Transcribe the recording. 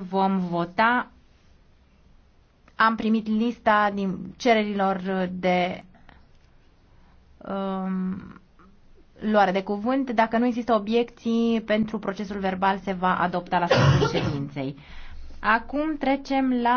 vom vota. Am primit lista din cererilor de um, luare de cuvânt. Dacă nu există obiecții, pentru procesul verbal se va adopta la sfârșitul ședinței. Acum trecem la